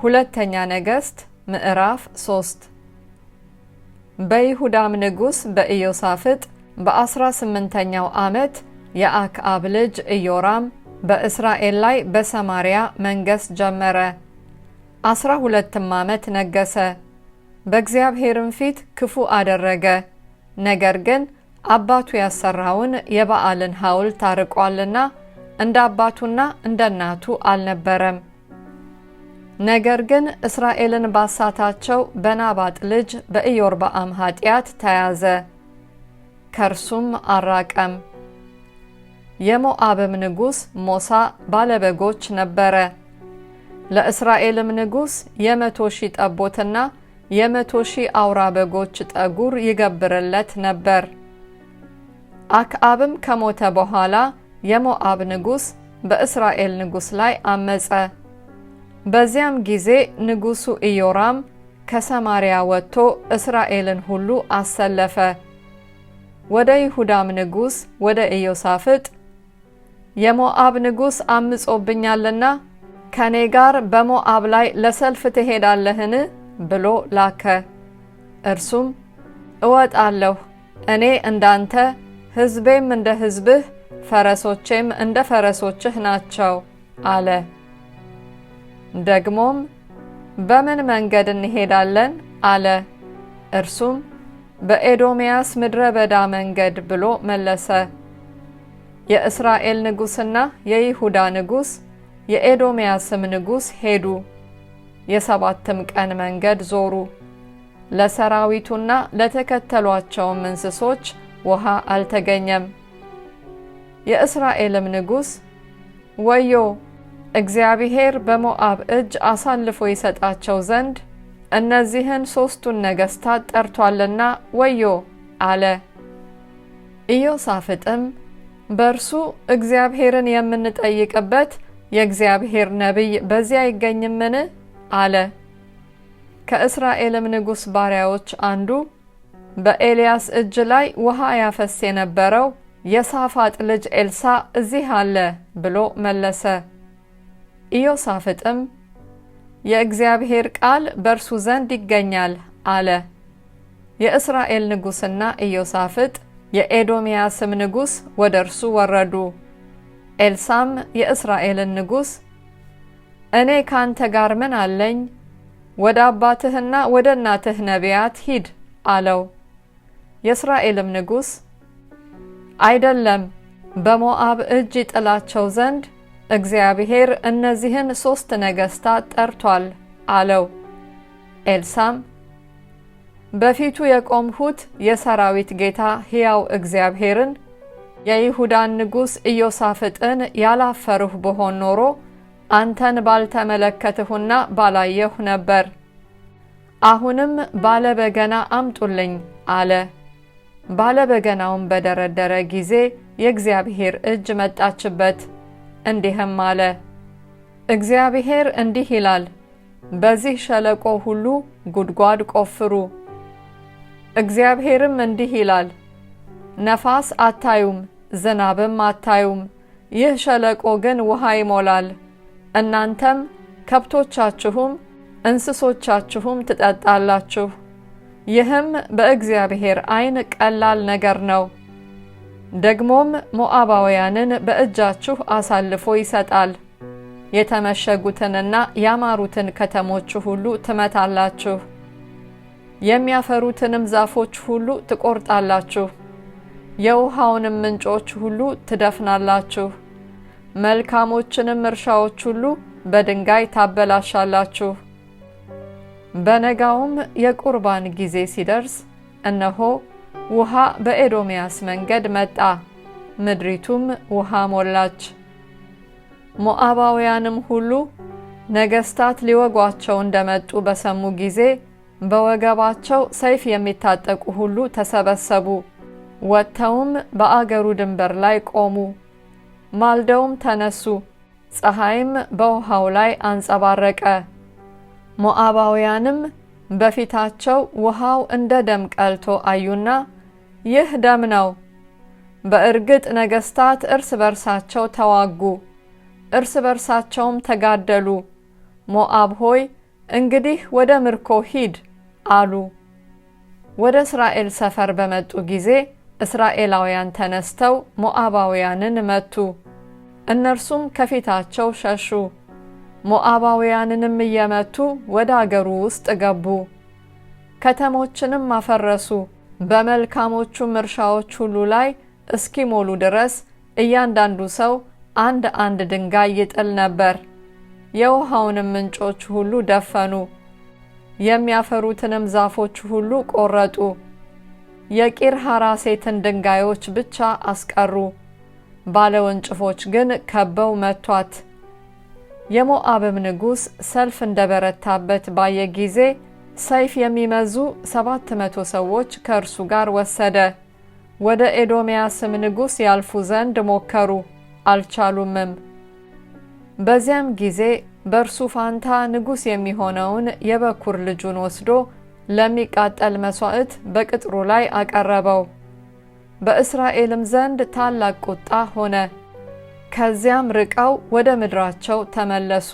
ሁለተኛ ነገሥት ምዕራፍ 3 በይሁዳም ንጉሥ በኢዮሳፍጥ በአስራ ስምንተኛው ዓመት የአክአብ ልጅ ኢዮራም በእስራኤል ላይ በሰማርያ መንገሥ ጀመረ። አስራ ሁለትም ዓመት ነገሰ በእግዚአብሔርም ፊት ክፉ አደረገ። ነገር ግን አባቱ ያሰራውን የበዓልን ሐውልት አርቋልና እንደ አባቱና እንደ እናቱ አልነበረም። ነገር ግን እስራኤልን ባሳታቸው በናባጥ ልጅ በኢዮርባአም ኃጢአት ተያዘ፣ ከእርሱም አራቀም። የሞአብም ንጉሥ ሞሳ ባለበጎች ነበረ። ለእስራኤልም ንጉሥ የመቶ ሺህ ጠቦትና የመቶ ሺህ አውራ በጎች ጠጉር ይገብርለት ነበር። አክአብም ከሞተ በኋላ የሞአብ ንጉሥ በእስራኤል ንጉሥ ላይ አመጸ። በዚያም ጊዜ ንጉሱ ኢዮራም ከሰማሪያ ወጥቶ እስራኤልን ሁሉ አሰለፈ። ወደ ይሁዳም ንጉሥ ወደ ኢዮሳፍጥ የሞአብ ንጉሥ አምጾብኛልና ከኔ ጋር በሞአብ ላይ ለሰልፍ ትሄዳለህን? ብሎ ላከ። እርሱም እወጣለሁ፣ እኔ እንዳንተ ሕዝቤም እንደ ሕዝብህ፣ ፈረሶቼም እንደ ፈረሶችህ ናቸው አለ። ደግሞም በምን መንገድ እንሄዳለን አለ። እርሱም በኤዶምያስ ምድረ በዳ መንገድ ብሎ መለሰ። የእስራኤል ንጉሥና የይሁዳ ንጉሥ የኤዶምያስም ንጉሥ ሄዱ። የሰባትም ቀን መንገድ ዞሩ። ለሰራዊቱና ለተከተሏቸውም እንስሶች ውሃ አልተገኘም። የእስራኤልም ንጉሥ ወዮ እግዚአብሔር በሞአብ እጅ አሳልፎ ይሰጣቸው ዘንድ እነዚህን ሦስቱን ነገሥታት ጠርቷልና ወዮ አለ። ኢዮሳፍጥም በእርሱ እግዚአብሔርን የምንጠይቅበት የእግዚአብሔር ነቢይ በዚያ አይገኝምን? አለ። ከእስራኤልም ንጉሥ ባሪያዎች አንዱ በኤልያስ እጅ ላይ ውሃ ያፈስ የነበረው የሳፋጥ ልጅ ኤልሳ እዚህ አለ ብሎ መለሰ። ኢዮሳፍጥም የእግዚአብሔር ቃል በእርሱ ዘንድ ይገኛል አለ። የእስራኤል ንጉሥና ኢዮሳፍጥ የኤዶምያስም ንጉሥ ወደ እርሱ ወረዱ። ኤልሳም የእስራኤልን ንጉሥ እኔ ካንተ ጋር ምን አለኝ? ወደ አባትህና ወደ እናትህ ነቢያት ሂድ አለው። የእስራኤልም ንጉሥ አይደለም፣ በሞዓብ እጅ ይጥላቸው ዘንድ እግዚአብሔር እነዚህን ሶስት ነገስታት ጠርቷል አለው። ኤልሳም በፊቱ የቆምሁት የሰራዊት ጌታ ሕያው እግዚአብሔርን የይሁዳን ንጉሥ ኢዮሳፍጥን ያላፈርሁ ብሆን ኖሮ አንተን ባልተመለከትሁና ባላየሁ ነበር። አሁንም ባለበገና አምጡልኝ አለ። ባለበገናውን በደረደረ ጊዜ የእግዚአብሔር እጅ መጣችበት። እንዲህም አለ፣ እግዚአብሔር እንዲህ ይላል፣ በዚህ ሸለቆ ሁሉ ጉድጓድ ቆፍሩ። እግዚአብሔርም እንዲህ ይላል፣ ነፋስ አታዩም፣ ዝናብም አታዩም፣ ይህ ሸለቆ ግን ውሃ ይሞላል። እናንተም ከብቶቻችሁም እንስሶቻችሁም ትጠጣላችሁ። ይህም በእግዚአብሔር ዓይን ቀላል ነገር ነው። ደግሞም ሞዓባውያንን በእጃችሁ አሳልፎ ይሰጣል። የተመሸጉትንና ያማሩትን ከተሞች ሁሉ ትመታላችሁ፣ የሚያፈሩትንም ዛፎች ሁሉ ትቆርጣላችሁ፣ የውሃውንም ምንጮች ሁሉ ትደፍናላችሁ፣ መልካሞችንም እርሻዎች ሁሉ በድንጋይ ታበላሻላችሁ። በነጋውም የቁርባን ጊዜ ሲደርስ እነሆ ውሃ በኤዶምያስ መንገድ መጣ፣ ምድሪቱም ውሃ ሞላች። ሞዓባውያንም ሁሉ ነገስታት ሊወጓቸው እንደመጡ በሰሙ ጊዜ በወገባቸው ሰይፍ የሚታጠቁ ሁሉ ተሰበሰቡ፣ ወጥተውም በአገሩ ድንበር ላይ ቆሙ። ማልደውም ተነሱ፣ ፀሐይም በውሃው ላይ አንጸባረቀ። ሞዓባውያንም በፊታቸው ውሃው እንደ ደም ቀልቶ አዩና ይህ ደም ነው። በእርግጥ ነገሥታት እርስ በርሳቸው ተዋጉ፣ እርስ በርሳቸውም ተጋደሉ። ሞአብ ሆይ እንግዲህ ወደ ምርኮ ሂድ አሉ። ወደ እስራኤል ሰፈር በመጡ ጊዜ እስራኤላውያን ተነስተው ሞአባውያንን መቱ፣ እነርሱም ከፊታቸው ሸሹ። ሞአባውያንንም እየመቱ ወደ አገሩ ውስጥ ገቡ፣ ከተሞችንም አፈረሱ። በመልካሞቹም እርሻዎች ሁሉ ላይ እስኪሞሉ ድረስ እያንዳንዱ ሰው አንድ አንድ ድንጋይ ይጥል ነበር። የውሃውንም ምንጮች ሁሉ ደፈኑ፣ የሚያፈሩትንም ዛፎች ሁሉ ቆረጡ። የቂር ሐራሴትን ድንጋዮች ብቻ አስቀሩ፣ ባለወንጭፎች ግን ከበው መቷት። የሞአብም ንጉሥ ሰልፍ እንደበረታበት ባየ ጊዜ ሰይፍ የሚመዙ ሰባት መቶ ሰዎች ከእርሱ ጋር ወሰደ። ወደ ኤዶምያስም ንጉሥ ያልፉ ዘንድ ሞከሩ፣ አልቻሉምም። በዚያም ጊዜ በእርሱ ፋንታ ንጉሥ የሚሆነውን የበኩር ልጁን ወስዶ ለሚቃጠል መሥዋዕት በቅጥሩ ላይ አቀረበው። በእስራኤልም ዘንድ ታላቅ ቁጣ ሆነ። ከዚያም ርቀው ወደ ምድራቸው ተመለሱ።